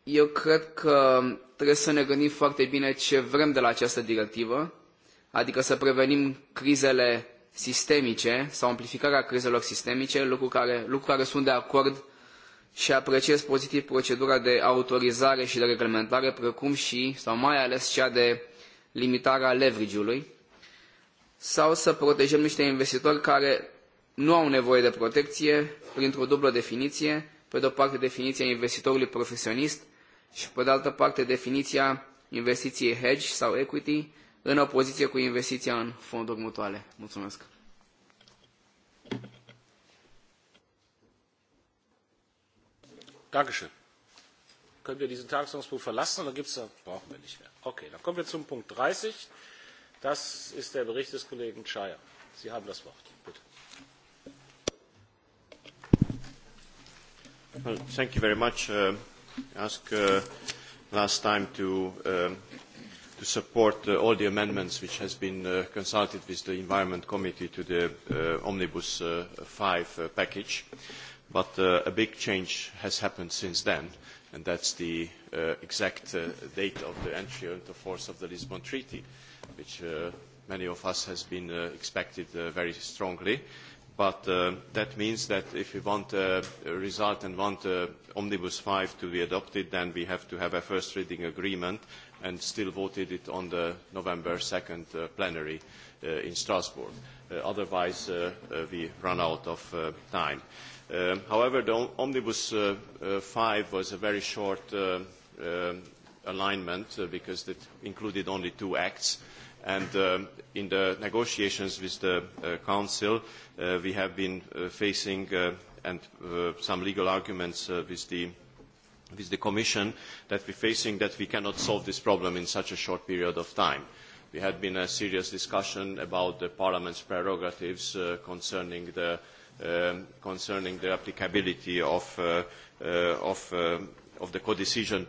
S5: eu cred că trebuie să ne gândim foarte bine ce vrem de la această directivă, adică să prevenim crizele sistemice sau amplificarea crizelor sistemice, lucru care, lucru care sunt de acord și apreciez pozitiv procedura de autorizare și de reglementare, precum și, sau mai ales, cea de limitare a leverage-ului, sau să protejăm niște investitori care nu au nevoie de protecție printr-o dublă definiție, pe de o parte definiția investitorului profesionist și pe de altă parte definiția investiției hedge sau equity, în opoziție cu investiția în fonduri mutuale. Mulțumesc!
S1: Dankeschön. Können wir diesen Tagesordnungspunkt verlassen oder gibt's da brauchen wir nicht mehr? Okay, dann kommen wir zum Punkt 30. Das ist der Bericht des Kollegen Scheier. Sie haben das Wort. Bitte.
S6: Well, thank you very much. Uh, ask uh, last time to uh, to support all the amendments which has been consulted with the Environment Committee to the Omnibus 5 package. But a big change has happened since then, and that's the exact date of the entry into force of the Lisbon Treaty, which many of us has been expected very strongly. But that means that if we want a result and want Omnibus 5 to be adopted, then we have to have a first reading agreement and still voted it on the November 2nd plenary in Strasbourg. Otherwise, we run out of time. However, the Omnibus 5 was a very short alignment because it included only two acts. And in the negotiations with the Council, we have been facing and some legal arguments with the with the Commission that are facing that we cannot solve this problem in such a short period of time. We had been a serious discussion about Parliament's prerogatives concerning the applicability of the codecision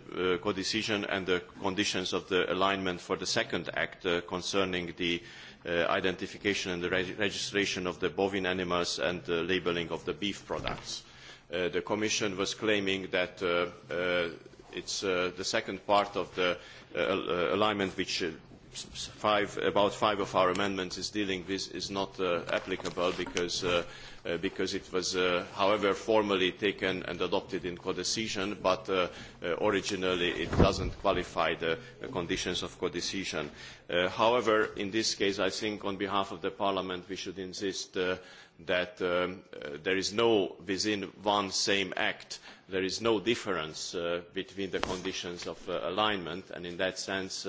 S6: and the conditions of the alignment for the second act concerning the identification and the registration of the bovine animals and the labelling of the beef products the Commission was claiming that it's the second part of the alignment which about five of our amendments is dealing with is not applicable because because it was, however, formally taken and adopted in codecision, but originally it doesn't qualify the conditions of codecision. However, in this case, I think on behalf of the Parliament, we should insist that there is no, within one same act, there is no difference between the conditions of alignment, and in that sense,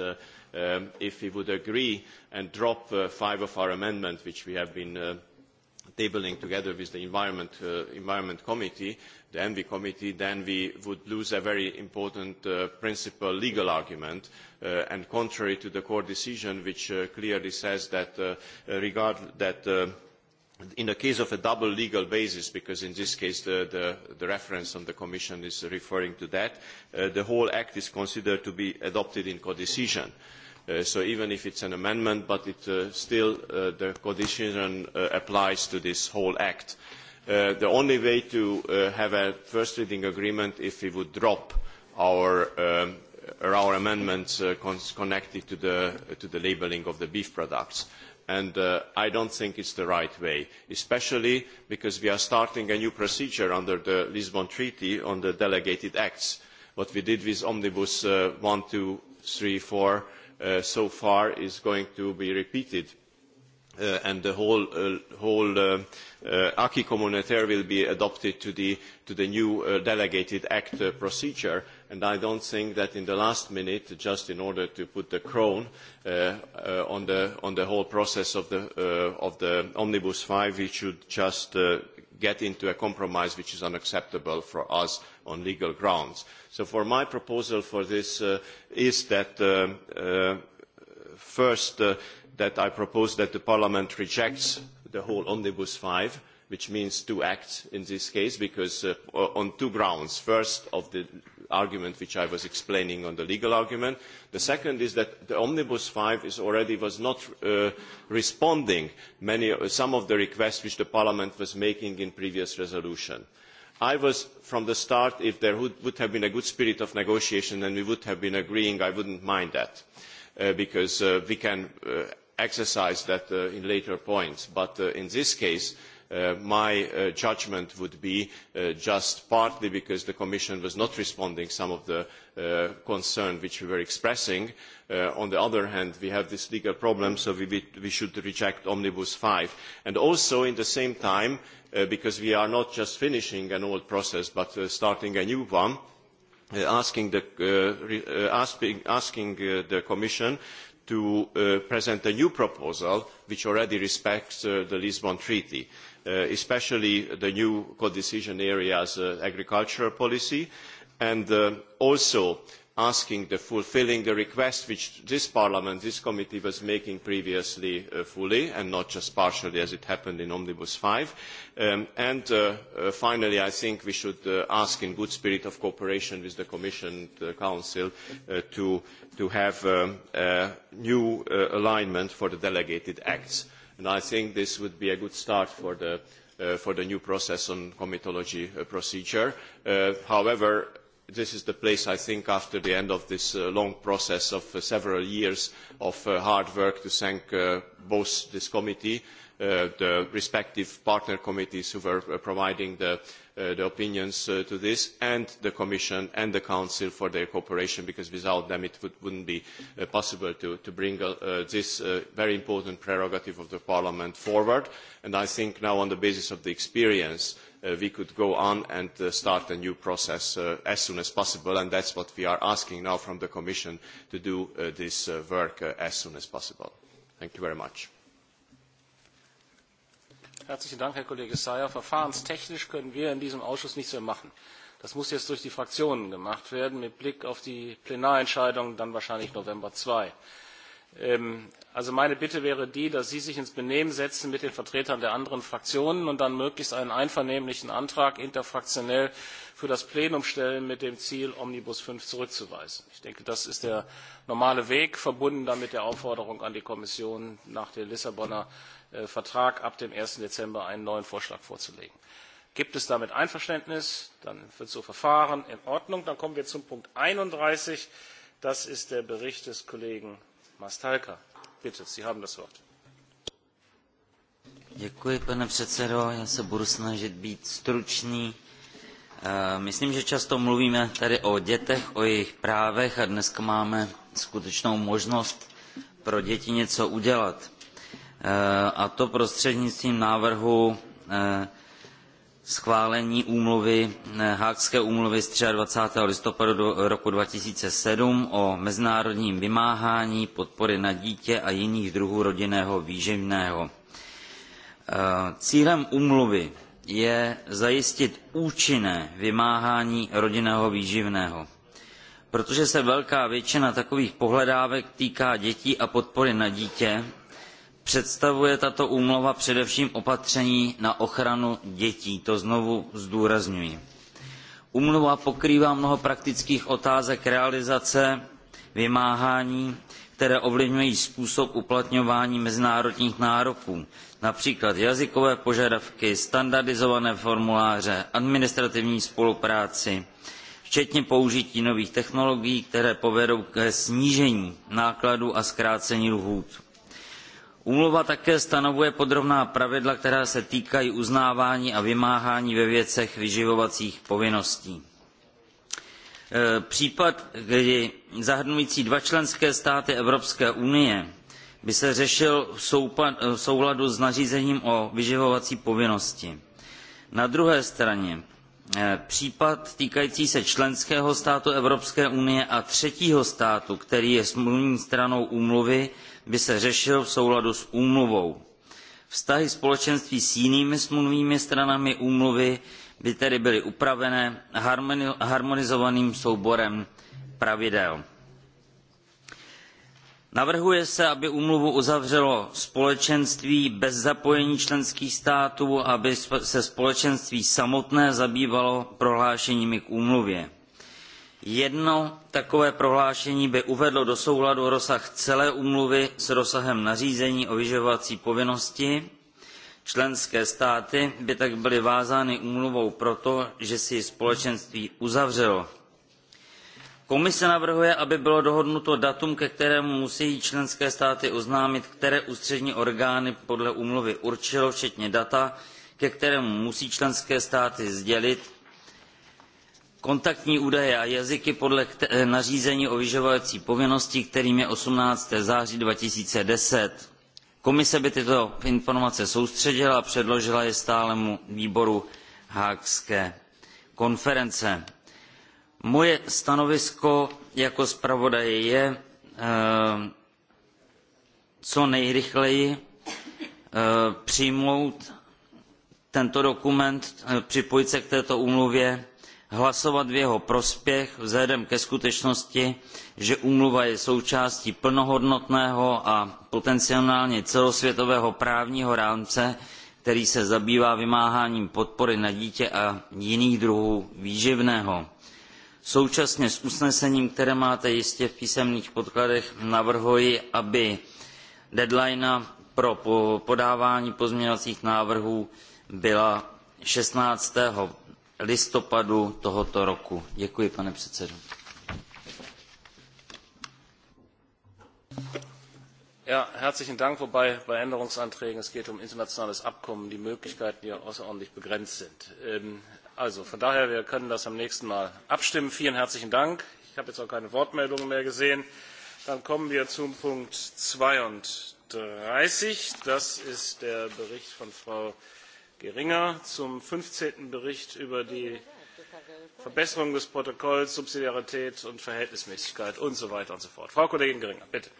S6: if we would agree and drop five of our amendments, which we have been tabling together with the Environment Committee, the ENVI Committee, then we would lose a very important principal legal argument. And contrary to the court decision, which clearly says that in the case of a double legal basis, because in this case the reference on the Commission is referring to that, the whole Act is considered to be adopted in codecision so even if it is an amendment, but it still the condition applies to this whole act. The only way to have a first reading agreement is if we would drop our amendments connected to the labelling of the beef products. And I don't think it's the right way, especially because we are starting a new procedure under the Lisbon Treaty on the delegated acts. What we did with Omnibus 1, 2, 3, 4 so far is going to be repeated and the whole acquis communautaire will be adopted to the new delegated act procedure and i don't think that in the last minute just in order to put the crown on the whole process of the omnibus 5 we should just get into a compromise which is unacceptable for us on legal grounds. So for my proposal for this is that first that I propose that the Parliament rejects the whole Omnibus 5 which means two acts in this case because on two grounds first of the argument which I was explaining on the legal argument. The second is that the Omnibus 5 is already was not responding to some of the requests which the Parliament was making in previous resolution. I was from the start, if there would have been a good spirit of negotiation and we would have been agreeing, I wouldn't mind that, because we can exercise that in later points. But in this case my judgment would be just partly because the commission was not responding to some of the concerns which we were expressing. on the other hand we have this legal problem so we should reject omnibus 5 and also at the same time because we are not just finishing an old process but starting a new one asking the commission to present a new proposal which already respects the lisbon treaty especially the new codecision areas agricultural policy and also asking the fulfilling the request which this parliament this committee was making previously fully and not just partially as it happened in omnibus 5 and finally i think we should ask in good spirit of cooperation with the commission and the council to to have new alignment for the delegated acts and I think this would be a good start for the new process on comitology procedure. However, this is the place, I think, after the end of this long process of several years of hard work to thank both this committee the respective partner committees who were providing the opinions to this and the Commission and the Council for their cooperation because without them it would wouldn't be possible to bring this very important prerogative of the Parliament forward and I think now on the basis of the experience we could go on and start a new process as soon as possible and that's what we are asking now from the Commission to do this work as soon as possible. Thank you very much.
S1: Herzlichen Dank, Herr Kollege Sayer. Verfahrenstechnisch können wir in diesem Ausschuss nichts mehr machen. Das muss jetzt durch die Fraktionen gemacht werden, mit Blick auf die Plenarentscheidung dann wahrscheinlich November 2. Also meine Bitte wäre die, dass Sie sich ins Benehmen setzen mit den Vertretern der anderen Fraktionen und dann möglichst einen einvernehmlichen Antrag interfraktionell für das Plenum stellen mit dem Ziel, Omnibus 5 zurückzuweisen. Ich denke, das ist der normale Weg, verbunden damit der Aufforderung an die Kommission, nach der Lissabonner Vertrag ab dem 1. Dezember einen neuen Vorschlag vorzulegen. Gibt es damit Einverständnis? Dann wird so verfahren. In Ordnung. Dann kommen wir zum Punkt 31. Das ist der Bericht des Kollegen Mastalka. Bitte, Sie haben das Wort.
S7: Děkuji, pane předsedo. Já se budu snažit být stručný. Myslím, že často mluvíme tady o dětech, o jejich právech a dneska máme skutečnou možnost pro děti něco udělat a to prostřednictvím návrhu schválení úmluvy Haagské úmluvy z 23. listopadu roku 2007 o mezinárodním vymáhání podpory na dítě a jiných druhů rodinného výživného. Cílem úmluvy je zajistit účinné vymáhání rodinného výživného. Protože se velká většina takových pohledávek týká dětí a podpory na dítě, představuje tato úmluva především opatření na ochranu dětí to znovu zdůrazňuji. úmluva pokrývá mnoho praktických otázek realizace vymáhání které ovlivňují způsob uplatňování mezinárodních nároků například jazykové požadavky standardizované formuláře administrativní spolupráci včetně použití nových technologií které povedou ke snížení nákladů a zkrácení lhůt úmluva také stanovuje podrobná pravidla která se týkají uznávání a vymáhání ve věcech vyživovacích povinností. případ kdy zahrnující dva členské státy evropské unie by se řešil v souladu s nařízením o vyživovací povinnosti. na druhé straně případ týkající se členského státu evropské unie a třetího státu který je smluvní stranou úmluvy by se řešil v souladu s úmluvou. Vztahy společenství s jinými smluvními stranami úmluvy by tedy byly upravené harmonizovaným souborem pravidel. Navrhuje se, aby úmluvu uzavřelo společenství bez zapojení členských států, aby se společenství samotné zabývalo prohlášeními k úmluvě Jedno takové prohlášení by uvedlo do souladu rozsah celé úmluvy s rozsahem nařízení o vyživovací povinnosti. Členské státy by tak byly vázány úmluvou proto, že si ji společenství uzavřelo. Komise navrhuje, aby bylo dohodnuto datum, ke kterému musí členské státy oznámit, které ústřední orgány podle úmluvy určilo, včetně data, ke kterému musí členské státy sdělit kontaktní údaje a jazyky podle nařízení o vyživovací povinnosti kterým je. eighteen září two thousand and ten komise by tyto informace soustředila a předložila je stálému výboru haagské konference. moje stanovisko jako zpravodaje je co nejrychleji přijmout tento dokument připojit se k této úmluvě hlasovat v jeho prospěch vzhledem ke skutečnosti že úmluva je součástí plnohodnotného a potenciálně celosvětového právního rámce který se zabývá vymáháním podpory na dítě a jiných druhů výživného. současně s usnesením které máte jistě v písemných podkladech navrhuji aby deadline pro podávání pozměňovacích návrhů byla 16 listopadu tohoto roku. Děkuji, pane předsedo.
S1: herzlichen Dank. Wobei bei Änderungsanträgen, es geht um internationales Abkommen, die Möglichkeiten ja außerordentlich begrenzt sind. Also von daher, wir können das am nächsten Mal abstimmen. Vielen herzlichen Dank. Ich habe jetzt auch keine Wortmeldungen mehr gesehen. Dann kommen wir zum Punkt 32. Das ist der Bericht von Frau geringer. Zum 15. Bericht über die Verbesserung des Protokolls, Subsidiarität und Verhältnismäßigkeit und so weiter und so fort. Frau Kollegin Geringer, bitte.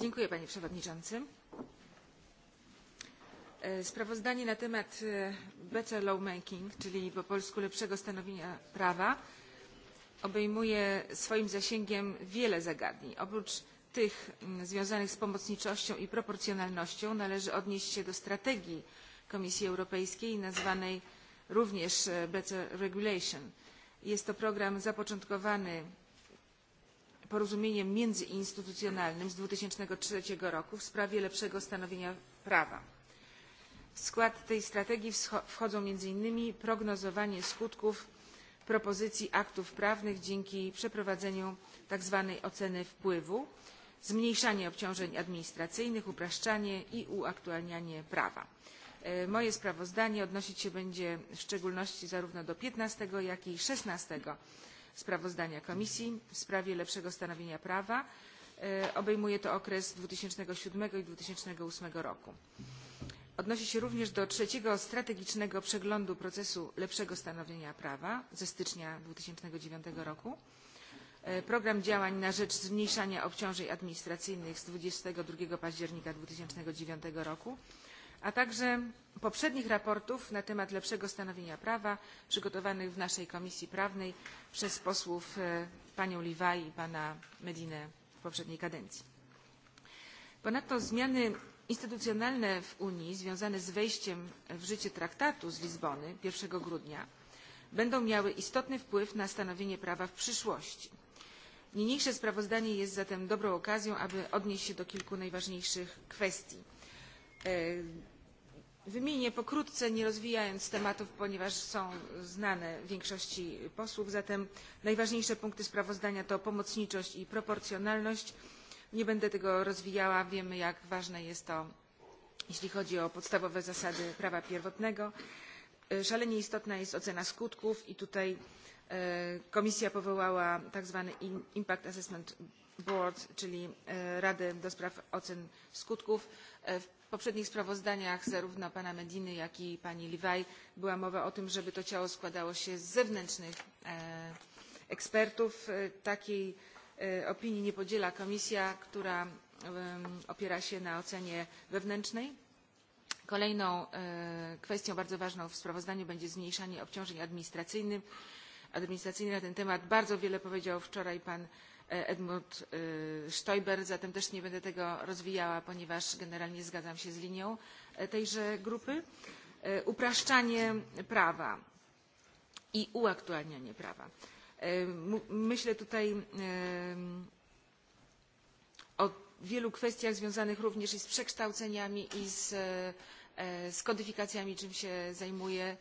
S8: Dziękuję, panie przewodniczący. Sprawozdanie na temat better lawmaking, czyli po polsku lepszego stanowienia prawa, obejmuje swoim zasięgiem wiele zagadnień. Oprócz tych związanych z pomocniczością i proporcjonalnością należy odnieść się do strategii Komisji Europejskiej nazwanej również Better Regulation. Jest to program zapoczątkowany porozumieniem międzyinstytucjonalnym z 2003 roku w sprawie lepszego stanowienia prawa. W skład tej strategii wchodzą między innymi prognozowanie skutków propozycji aktów prawnych dzięki przeprowadzeniu tak zwanej oceny wpływu zmniejszanie obciążeń administracyjnych, upraszczanie i uaktualnianie prawa. Moje sprawozdanie odnosić się będzie w szczególności zarówno do 15, jak i 16 sprawozdania Komisji w sprawie lepszego stanowienia prawa. Obejmuje to okres 2007 i 2008 roku. Odnosi się również do trzeciego strategicznego przeglądu procesu lepszego stanowienia prawa ze stycznia 2009 roku program działań na rzecz zmniejszania obciążeń administracyjnych z 22 października 2009 roku, a także poprzednich raportów na temat lepszego stanowienia prawa przygotowanych w naszej Komisji Prawnej przez posłów panią Liwaj i pana Medinę w poprzedniej kadencji. Ponadto zmiany instytucjonalne w Unii związane z wejściem w życie traktatu z Lizbony 1 grudnia będą miały istotny wpływ na stanowienie prawa w przyszłości Niniejsze sprawozdanie jest zatem dobrą okazją, aby odnieść się do kilku najważniejszych kwestii. Wymienię pokrótce, nie rozwijając tematów, ponieważ są znane większości posłów, zatem najważniejsze punkty sprawozdania to pomocniczość i proporcjonalność. Nie będę tego rozwijała, wiemy jak ważne jest to, jeśli chodzi o podstawowe zasady prawa pierwotnego. Szalenie istotna jest ocena skutków i tutaj Komisja powołała tzw. Impact Assessment Board, czyli Radę do Spraw Ocen Skutków. W poprzednich sprawozdaniach zarówno pana Mediny, jak i pani Livaj była mowa o tym, żeby to ciało składało się z zewnętrznych ekspertów. Takiej opinii nie podziela Komisja, która opiera się na ocenie wewnętrznej. Kolejną kwestią bardzo ważną w sprawozdaniu będzie zmniejszanie obciążeń administracyjnych administracyjny na ten temat bardzo wiele powiedział wczoraj pan Edmund Stoiber, zatem też nie będę tego rozwijała, ponieważ generalnie zgadzam się z linią tejże grupy. Upraszczanie prawa i uaktualnianie prawa. Myślę tutaj o wielu kwestiach związanych również i z przekształceniami, i z kodyfikacjami, czym się zajmuję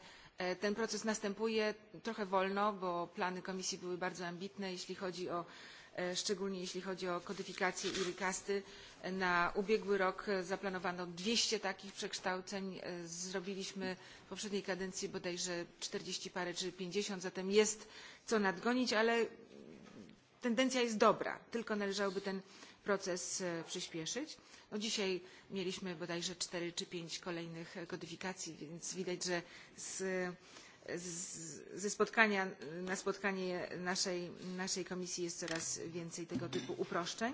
S8: Ten proces następuje trochę wolno, bo plany Komisji były bardzo ambitne, jeśli chodzi szczególnie jeśli chodzi o kodyfikację i recasty. Na ubiegły rok zaplanowano 200 takich przekształceń. Zrobiliśmy w poprzedniej kadencji bodajże 40 parę czy 50, zatem jest co nadgonić, ale tendencja jest dobra. Tylko należałoby ten proces przyspieszyć. dzisiaj mieliśmy bodajże cztery czy pięć kolejnych kodyfikacji, więc widać, że ze spotkania na spotkanie naszej komisji jest coraz więcej tego typu uproszczeń.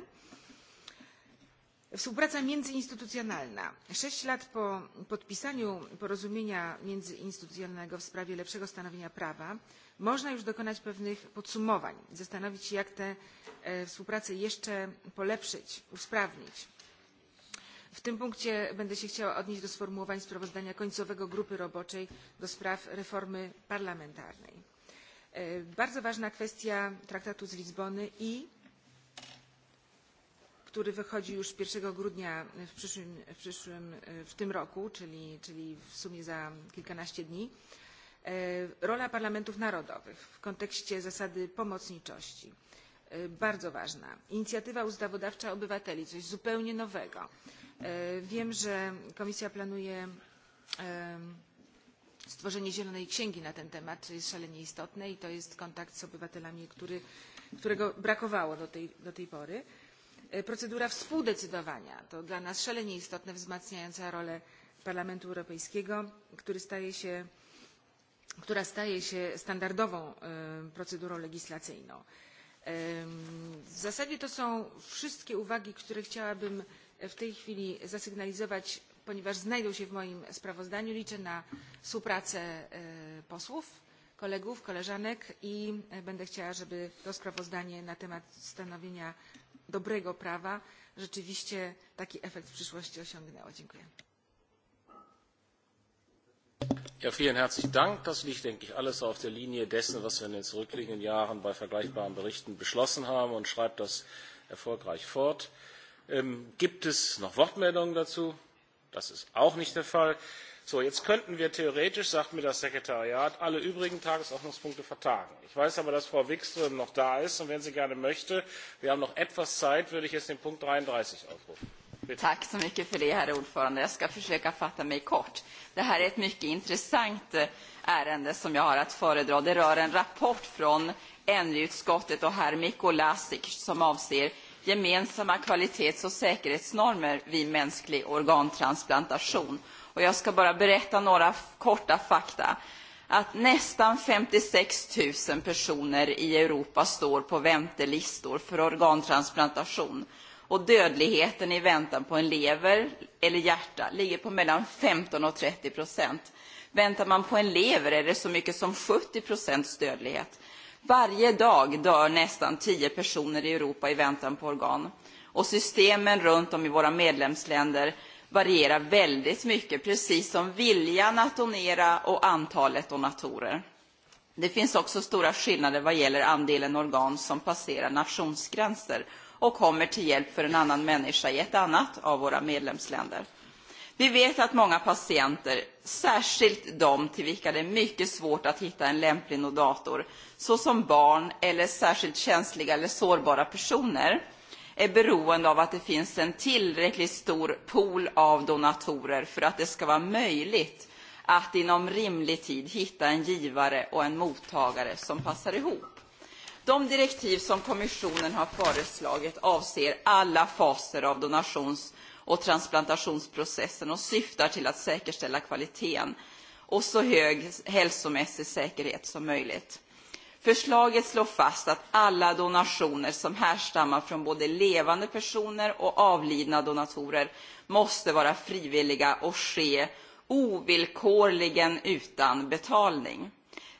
S8: Współpraca międzyinstytucjonalna. Sześć lat po podpisaniu porozumienia międzyinstytucjonalnego w sprawie lepszego stanowienia prawa można już dokonać pewnych podsumowań, zastanowić się, jak tę współpracę jeszcze polepszyć, usprawnić. W tym punkcie będę się chciała odnieść do sformułowań sprawozdania końcowego grupy roboczej do spraw reformy parlamentarnej. Bardzo ważna kwestia traktatu z Lizbony i który wychodzi już 1 grudnia w, przyszłym, w, tym roku, czyli, w sumie za kilkanaście dni, rola parlamentów narodowych w kontekście zasady pomocniczości. Bardzo ważna. Inicjatywa ustawodawcza obywateli, coś zupełnie nowego. Wiem, że Komisja planuje stworzenie zielonej księgi na ten temat, co jest szalenie istotne i to jest kontakt z obywatelami, którego brakowało do tej pory procedura współdecydowania to dla nas szalenie istotne wzmacniająca rolę parlamentu europejskiego która staje się standardową procedurą legislacyjną. w zasadzie to są wszystkie uwagi które chciałabym w tej chwili zasygnalizować ponieważ znajdą się w moim sprawozdaniu. liczę na współpracę posłów kolegów koleżanek i będę chciała żeby to sprawozdanie na temat stanowienia dobrego prawa rzeczywiście taki efekt w przyszłości osiągnęło. Dziękuję.
S1: vielen herzlichen Dank. Das liegt, denke ich, alles auf der Linie dessen, was wir in den zurückliegenden Jahren bei vergleichbaren Berichten beschlossen haben und schreibt das erfolgreich fort. Gibt es noch Wortmeldungen dazu? Das ist auch nicht der Fall. So, jetzt könnten wir theoretisch, sagt mir das Sekretariat, alle übrigen Tagesordnungspunkte vertagen. Ich weiß aber, dass Frau Wikström noch da ist und wenn sie gerne möchte, wir haben noch etwas Zeit, würde ich jetzt den Punkt 33 aufrufen. Tack
S9: så mycket för det, herr ordförande. Jag ska försöka fatta mig kort. Det här är ett mycket intressant ärende som jag har att föredra. Det rör en rapport från och herr Mikko som avser gemensamma kvalitets- och säkerhetsnormer vid mänsklig organtransplantation och jag ska bara berätta några korta fakta att nästan 56 000 personer i Europa står på väntelistor för organtransplantation och dödligheten i väntan på en lever eller hjärta ligger på mellan 15 och 30 procent. Väntar man på en lever är det så mycket som 70 procents dödlighet. Varje dag dör nästan 10 personer i Europa i väntan på organ. Och systemen runt om i våra medlemsländer varierar väldigt mycket, precis som viljan att donera och antalet donatorer. Det finns också stora skillnader vad gäller andelen organ som passerar nationsgränser och kommer till hjälp för en annan människa i ett annat av våra medlemsländer. Vi vet att många patienter, särskilt de till vilka det är mycket svårt att hitta en lämplig donator, såsom barn eller särskilt känsliga eller sårbara personer, är beroende av att det finns en tillräckligt stor pool av donatorer för att det ska vara möjligt att inom rimlig tid hitta en givare och en mottagare som passar ihop. De direktiv som kommissionen har föreslagit avser alla faser av donations och transplantationsprocessen och syftar till att säkerställa kvaliteten och så hög hälsomässig säkerhet som möjligt. Förslaget slår fast att alla donationer som härstammar från både levande personer och avlidna donatorer måste vara frivilliga och ske ovillkorligen utan betalning.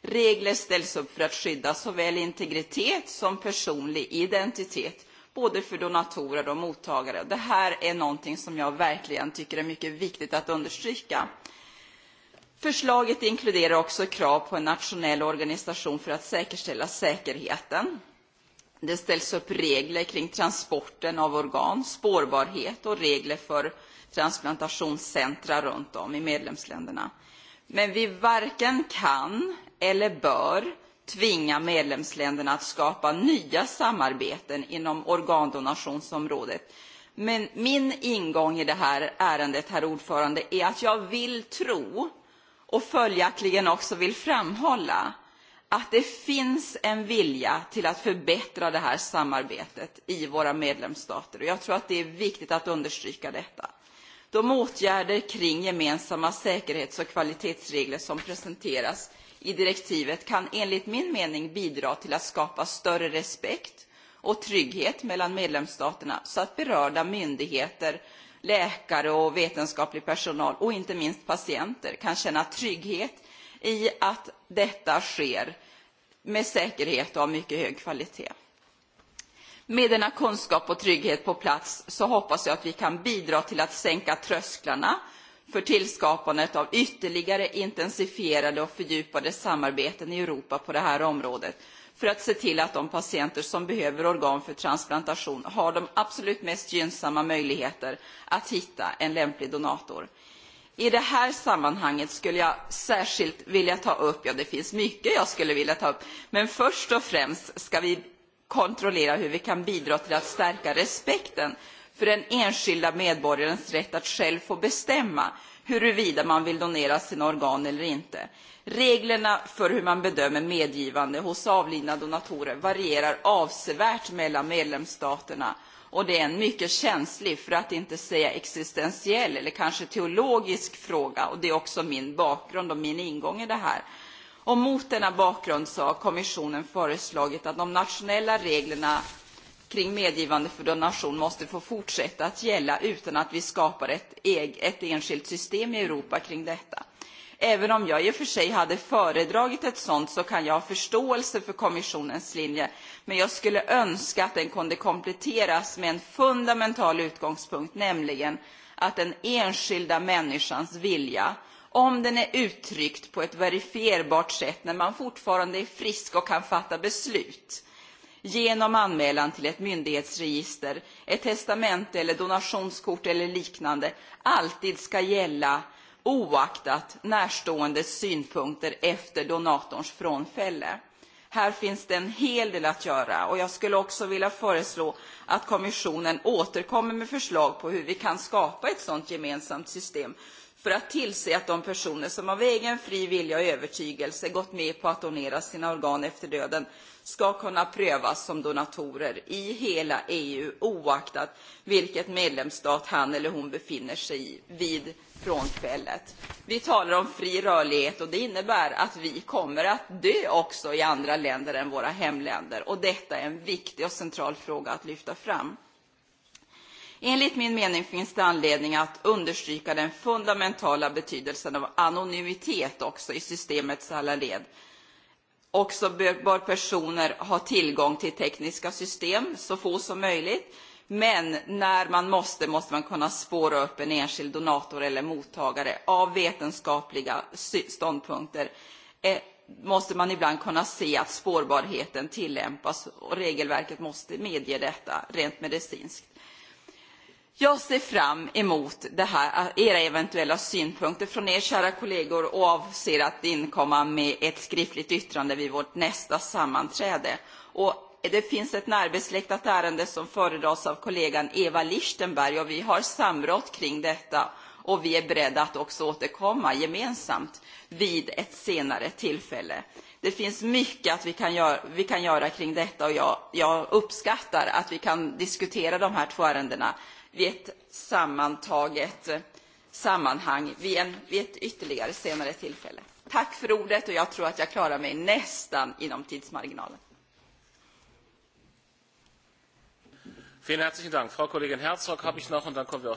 S9: Regler ställs upp för att skydda såväl integritet som personlig identitet både för donatorer och mottagare. Det här är någonting som jag verkligen tycker är mycket viktigt att understryka. Förslaget inkluderar också krav på en nationell organisation för att säkerställa säkerheten. Det ställs upp regler kring transporten av organ, spårbarhet och regler för transplantationscentra runt om i medlemsländerna. Men vi varken kan eller bör tvinga medlemsländerna att skapa nya samarbeten inom organdonationsområdet. Men min ingång i det här ärendet, herr ordförande, är att jag vill tro och följaktligen också vill framhålla att det finns en vilja till att förbättra det här samarbetet i våra medlemsstater. Jag tror att det är viktigt att understryka detta. De åtgärder kring gemensamma säkerhets och kvalitetsregler som presenteras i direktivet kan enligt min mening bidra till att skapa större respekt och trygghet mellan medlemsstaterna så att berörda myndigheter läkare och vetenskaplig personal och inte minst patienter kan känna trygghet i att detta sker med säkerhet och av mycket hög kvalitet. Med denna kunskap och trygghet på plats så hoppas jag att vi kan bidra till att sänka trösklarna för tillskapandet av ytterligare intensifierade och fördjupade samarbeten i Europa på det här området för att se till att de patienter som behöver organ för transplantation har de absolut mest gynnsamma möjligheter att hitta en lämplig donator. I det här sammanhanget skulle jag särskilt vilja ta upp, ja det finns mycket jag skulle vilja ta upp, men först och främst ska vi kontrollera hur vi kan bidra till att stärka respekten för den enskilda medborgarens rätt att själv få bestämma huruvida man vill donera sina organ eller inte. Reglerna för hur man bedömer medgivande hos avlidna donatorer varierar avsevärt mellan medlemsstaterna och det är en mycket känslig, för att inte säga existentiell eller kanske teologisk fråga och det är också min bakgrund och min ingång i det här. Och mot denna bakgrund så har kommissionen föreslagit att de nationella reglerna kring medgivande för donation måste få fortsätta att gälla utan att vi skapar ett enskilt system i Europa kring detta. Även om jag i och för sig hade föredragit ett sånt så kan jag ha förståelse för kommissionens linje, men jag skulle önska att den kunde kompletteras med en fundamental utgångspunkt, nämligen att den enskilda människans vilja, om den är uttryckt på ett verifierbart sätt när man fortfarande är frisk och kan fatta beslut, genom anmälan till ett myndighetsregister, ett testamente eller donationskort eller liknande alltid ska gälla oaktat närståendes synpunkter efter donatorns frånfälle. Här finns det en hel del att göra och jag skulle också vilja föreslå att kommissionen återkommer med förslag på hur vi kan skapa ett sådant gemensamt system för att tillse att de personer som av egen fri vilja och övertygelse gått med på att donera sina organ efter döden ska kunna prövas som donatorer i hela EU oaktat vilket medlemsstat han eller hon befinner sig i vid frånfället. Vi talar om fri rörlighet och det innebär att vi kommer att dö också i andra länder än våra hemländer. Och detta är en viktig och central fråga att lyfta fram. Enligt min mening finns det anledning att understryka den fundamentala betydelsen av anonymitet också i systemets alla led. Också bör personer ha tillgång till tekniska system, så få som möjligt. Men när man måste, måste man kunna spåra upp en enskild donator eller mottagare. Av vetenskapliga ståndpunkter måste man ibland kunna se att spårbarheten tillämpas och regelverket måste medge detta rent medicinskt. Jag ser fram emot det här era eventuella synpunkter från er kära kollegor och avser att inkomma med ett skriftligt yttrande vid vårt nästa sammanträde. Det finns ett närbesläktat ärende som föredras av kollegan Eva Lichtenberg och vi har samrått kring detta och vi är beredda att också återkomma gemensamt vid ett senare tillfälle. Det finns mycket att vi kan göra kring detta och jag uppskattar att vi kan diskutera de här två ärendena vid ett sammantaget sammanhang vid ett ytterligare senare tillfälle. Tack för ordet och jag tror att jag klarar mig nästan inom tidsmarginalen.
S1: Vielen herzlichen Dank. Frau Kollegin Herzog habe ich noch und dann kommen wir